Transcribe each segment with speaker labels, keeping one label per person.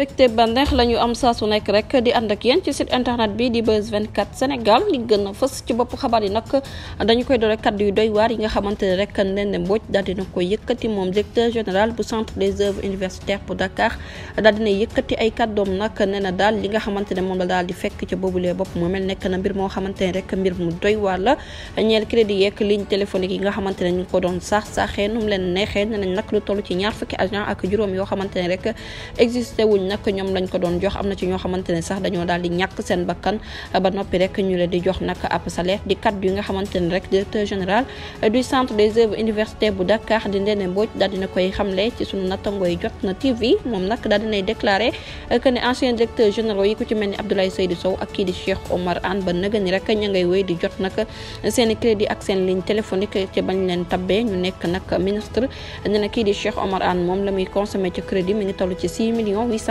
Speaker 1: mbégte banneex la ñu am saa su nekk rek di ànd ak yéen ci site internet bi di Buzz 24 Sénégal li gën a fës ci bopp xabaar yi nag dañu koy doore kàddu yu doy yi nga xamante ne rek Ndéné Mbodj daal dina ko yëkkati moom directeur général bu centre des œuvres universitaires bu Dakar daal dina yëkkati ay kàddoom nag nee na daal li ne moom di fekk ca boobulee bopp moo mel nekk na mbir moo xamante rek mbir mu doy la ñeel crédit yeeg ligne téléphonique yi nga xamante ñu ko doon saax saaxee nu mu leen neexee nee nañ lu toll ci ñaar fukki agent ak juróom yoo xamante rek existé nag ñoom lañ ko doon jox am na ci ñoo xamante ne sax dañoo daal di ñàkk seen bakkan ba noppi rek ñu leen di jox nag ab salaire di kaddu yi nga xamante ne rek directeur général du centre des œuvres universitaires bu Dakar di Ndéné Mbodj daal dina koy ci sunu nattango yi jot na TV moom nag daal dinay déclaré que ne ancien directeur généraux yi ku ci mel ni Abdoulaye Seydou Sow ak kii di Cheikh Omar Anne ba nëga ni rek ña di jot nag seen crédit ak seen ligne téléphonique ci bañ leen tabbee ñu nekk nag ministre nee na kii di Cheikh Omar Anne moom la muy consommé ci crédit mi ngi toll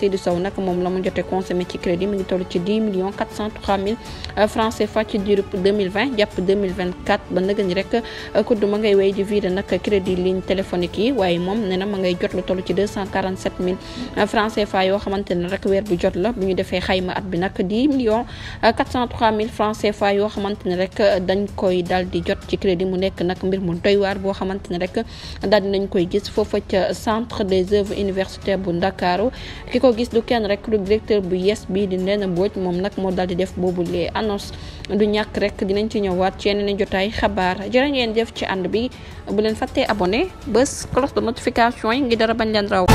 Speaker 1: Seydou Sow nag moom la mu jotee consommé ci crédit mi ngi toll ci 10 millions 403 mille euh, francs CFA ci diirub 2020 jàpp 2024 ba nag ni rek euh, kudd ma ngay wéy di vider nag crédit ligne téléphonique yi waaye moom nee na ma ngay jot lu toll ci euh, mille francs CFA yoo xamante rek bi nag 10 dañ koy dal di jot ci crédit mu nekk nag mbir mu doy boo xamante ne rek daal dinañ koy gis foofa ca centre des œuvres universitaires bu Ndakaaru ki ko ko gis du kenn rek lu directeur bu yes bi di Ndéna Mbodj moom nag moo daal di def boobu lee annonce du ñàkk rek dinañ ci ñëwaat ci yeneen jotaay xabaar jërë ngeen def ci ànd bi bu leen fàttee abonné bés cloche de notification yi ngi dara bañ leen raw